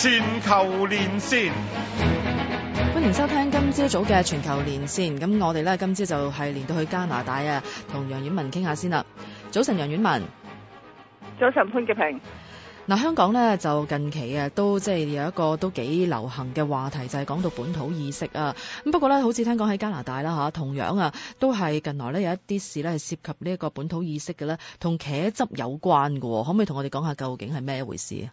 全球連線，歡迎收聽今朝早嘅全球連線。咁我哋呢，今朝就係連到去加拿大啊，同楊婉雯傾下先啦。早晨，楊婉雯。早晨，潘潔平。嗱，香港呢，就近期啊，都即係、就是、有一個都幾流行嘅話題，就係、是、講到本土意識啊。咁不過呢，好似聽講喺加拿大啦吓，同樣啊，都係近來呢，有一啲事呢，係涉及呢一個本土意識嘅咧，同茄汁有關嘅。可唔可以同我哋講下究竟係咩一回事啊？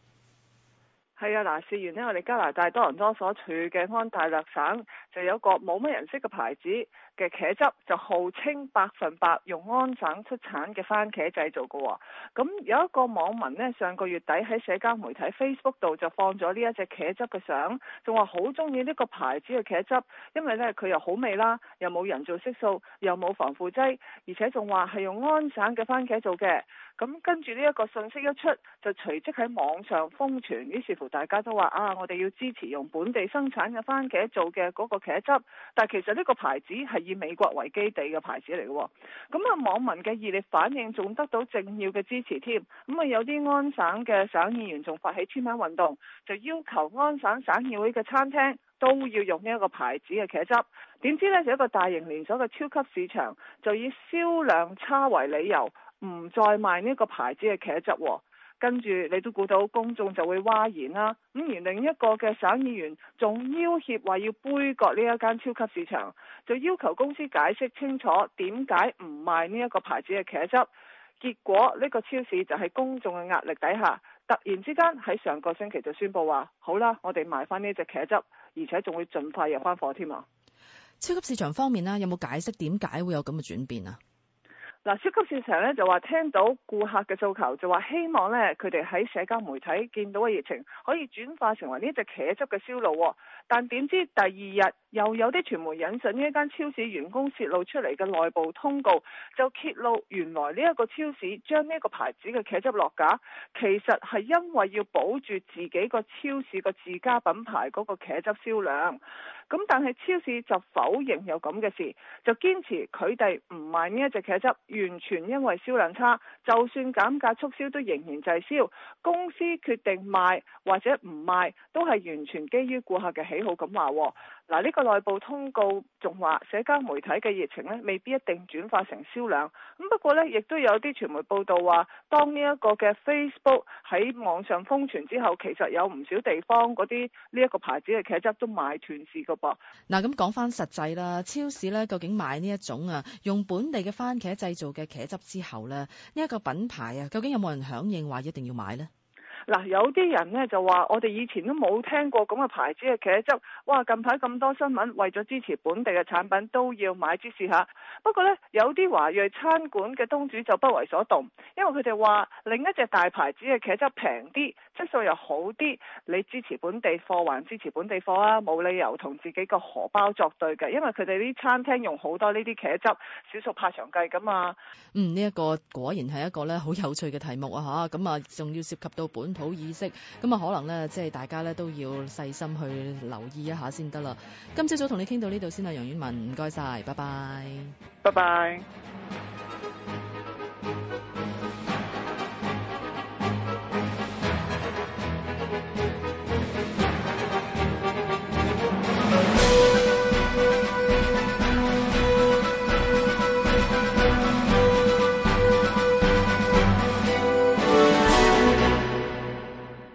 係啊，嗱，事緣呢，我哋加拿大多倫多所處嘅安大略省就有個冇乜人識嘅牌子嘅茄汁，就號稱百分百用安省出產嘅番茄製造嘅喎。咁有一個網民呢，上個月底喺社交媒體 Facebook 度就放咗呢一隻茄汁嘅相，仲話好中意呢個牌子嘅茄汁，因為呢，佢又好味啦，又冇人造色素，又冇防腐劑，而且仲話係用安省嘅番茄做嘅。咁跟住呢一個信息一出，就隨即喺網上瘋傳，於是乎，大家都話啊，我哋要支持用本地生產嘅番茄做嘅嗰個茄汁，但其實呢個牌子係以美國為基地嘅牌子嚟嘅。咁啊，網民嘅熱烈反應仲得到政要嘅支持添。咁啊，有啲安省嘅省議員仲發起簽名運動，就要求安省省議會嘅餐廳都要用呢一個牌子嘅茄汁。點知呢，就一個大型連鎖嘅超級市場就以銷量差為理由，唔再賣呢個牌子嘅茄汁喎。跟住你都估到公眾就會譁然啦，咁而另一個嘅省議員仲要脅話要杯葛呢一間超級市場，就要求公司解釋清楚點解唔賣呢一個牌子嘅茄汁。結果呢個超市就喺公眾嘅壓力底下，突然之間喺上個星期就宣布話：好啦，我哋賣翻呢隻茄汁，而且仲會盡快入翻貨添啊！超級市場方面呢，有冇解釋點解會有咁嘅轉變啊？嗱，超級市場咧就話聽到顧客嘅訴求，就話希望咧佢哋喺社交媒體見到嘅熱情，可以轉化成為呢隻茄汁嘅銷路，哦。但點知第二日又有啲傳媒引述呢間超市員工泄露出嚟嘅內部通告，就揭露原來呢一個超市將呢一個牌子嘅茄汁落架，其實係因為要保住自己個超市個自家品牌嗰個茄汁銷量。咁但係超市就否認有咁嘅事，就堅持佢哋唔賣呢一隻茄汁。完全因為銷量差，就算減價促銷都仍然滯銷。公司決定賣，或者唔賣，都係完全基於顧客嘅喜好咁話。嗱，呢個內部通告仲話，社交媒體嘅熱情呢未必一定轉化成銷量。咁不過呢，亦都有啲傳媒報道話，當呢一個嘅 Facebook 喺網上瘋傳之後，其實有唔少地方嗰啲呢一個牌子嘅茄汁都賣斷市噶噃。嗱，咁講翻實際啦，超市呢究竟買呢一種啊，用本地嘅番茄製造嘅茄汁之後呢，呢、這、一個品牌啊，究竟有冇人響應話一定要買呢？嗱、啊，有啲人呢就話我哋以前都冇聽過咁嘅牌子嘅茄汁，哇！近排咁多新聞，為咗支持本地嘅產品，都要買支試下。不過呢，有啲華裔餐館嘅東主就不為所動，因為佢哋話另一隻大牌子嘅茄汁平啲，質素又好啲。你支持本地貨還支持本地貨啊，冇理由同自己個荷包作對嘅，因為佢哋啲餐廳用好多呢啲茄汁，少數怕長計，咁啊。嗯、呢、這、一個果然係一個呢好有趣嘅題目啊吓，咁啊仲要涉及到本。好意識咁啊，可能咧，即係大家咧都要細心去留意一下先得啦。今朝早同你傾到呢度先啦，楊婉雯，唔該晒，拜拜，拜拜。